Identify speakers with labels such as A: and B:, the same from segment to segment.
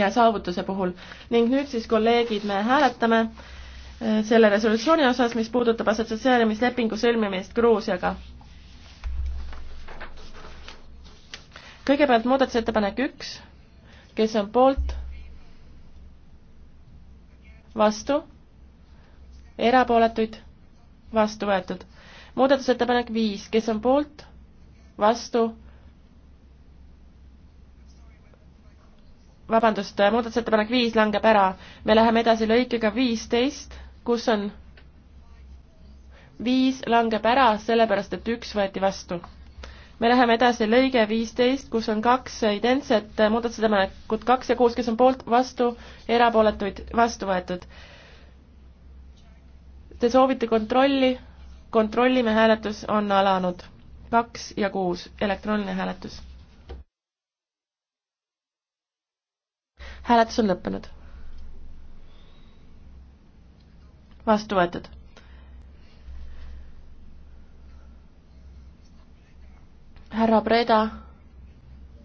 A: ja saavutuse puhul. ning nüüd siis, kolleegid, me hääletame äh, selle resolutsiooni osas, mis puudutab assotsieerimislepingu sõlmimist Gruusiaga. kõigepealt muudatusettepanek üks, kes on poolt, vastu, erapooletuid, vastu võetud. muudatusettepanek viis, kes on poolt, vastu vabandust, muudatusettepanek viis langeb ära. me läheme edasi lõikega viisteist, kus on viis langeb ära, sellepärast et üks võeti vastu. me läheme edasi lõige viisteist, kus on kaks identset muudatusettepanekut, kaks ja kuus, kes on poolt, vastu, erapooletuid, vastu võetud. Te soovite kontrolli, kontrollime, hääletus on alanud. kaks ja kuus, elektrooniline hääletus hääletus on lõppenud. vastu võetud. härra Breda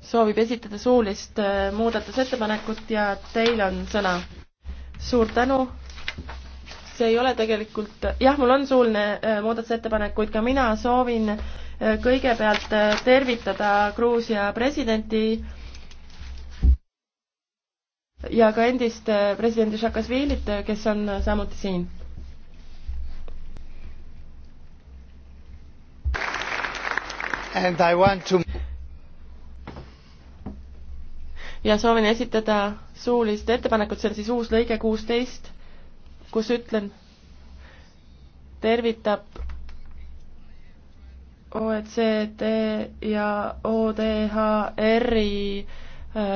A: soovib esitada suulist äh, muudatusettepanekut ja teil on sõna. suur tänu. see ei ole tegelikult, äh, jah, mul on suuline äh, muudatusettepanek, kuid ka mina soovin kõigepealt tervitada Gruusia presidenti ja ka endist äh, presidenti Šakašvilit, äh, kes on äh, samuti siin. To... ja soovin esitada suulist ettepanekut, see on siis uus lõige kuusteist, kus ütlen, tervitab OECD ja ODHR-i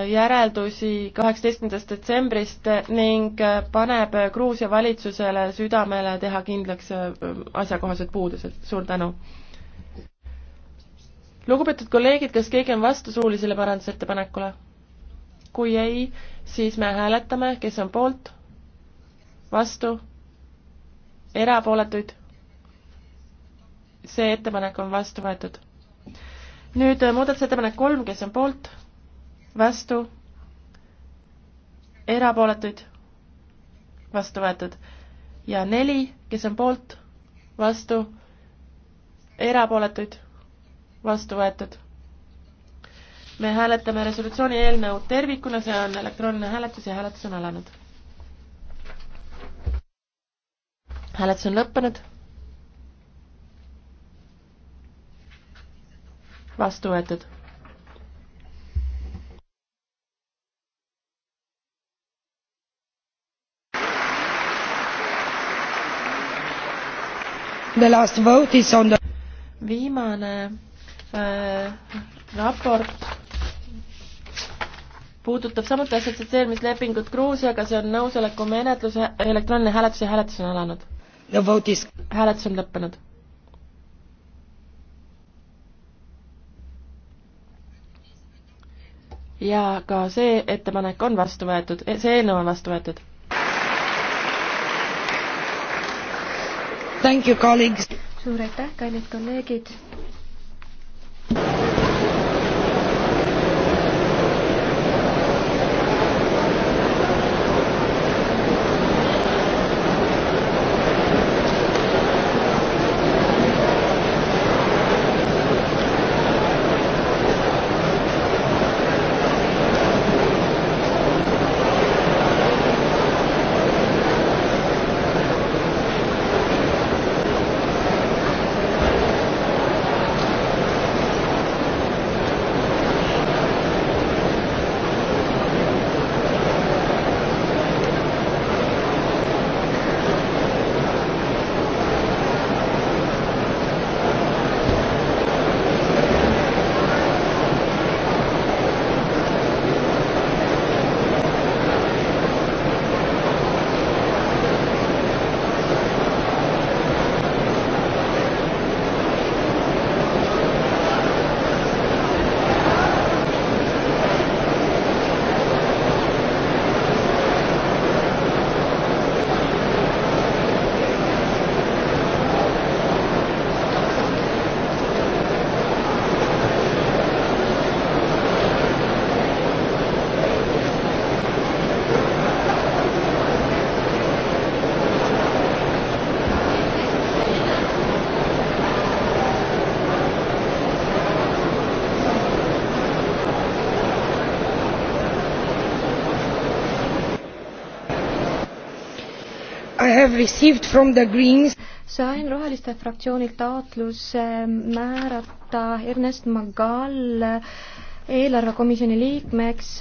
A: järeldusi kaheksateistkümnendast detsembrist ning paneb Gruusia valitsusele südamele teha kindlaks äh, asjakohased puudused. suur tänu! lugupeetud kolleegid, kas keegi on vastu suulisele parandusettepanekule? kui ei, siis me hääletame, kes on poolt, vastu, erapooletuid. see ettepanek on vastu võetud. nüüd äh, muudatusettepanek kolm, kes on poolt vastu, erapooletuid, vastu võetud. ja neli, kes on poolt, vastu, erapooletuid, vastu võetud. me hääletame resolutsiooni eelnõu tervikuna, see on elektrooniline hääletus ja hääletus on alanud. hääletus on lõppenud vastu võetud The last vote is on the viimane äh, raport puudutab samuti assotsieerimislepingut Gruusiaga, see on nõusoleku menetluse elektrooniline hääletus ja hääletus on alanud. Is... hääletus on lõppenud. ja ka see ettepanek on vastu võetud, e, see eelnõu on vastu võetud suur aitäh, kallid kolleegid! sain Roheliste fraktsioonilt taotluse määrata Ernest Magall eelarvekomisjoni liikmeks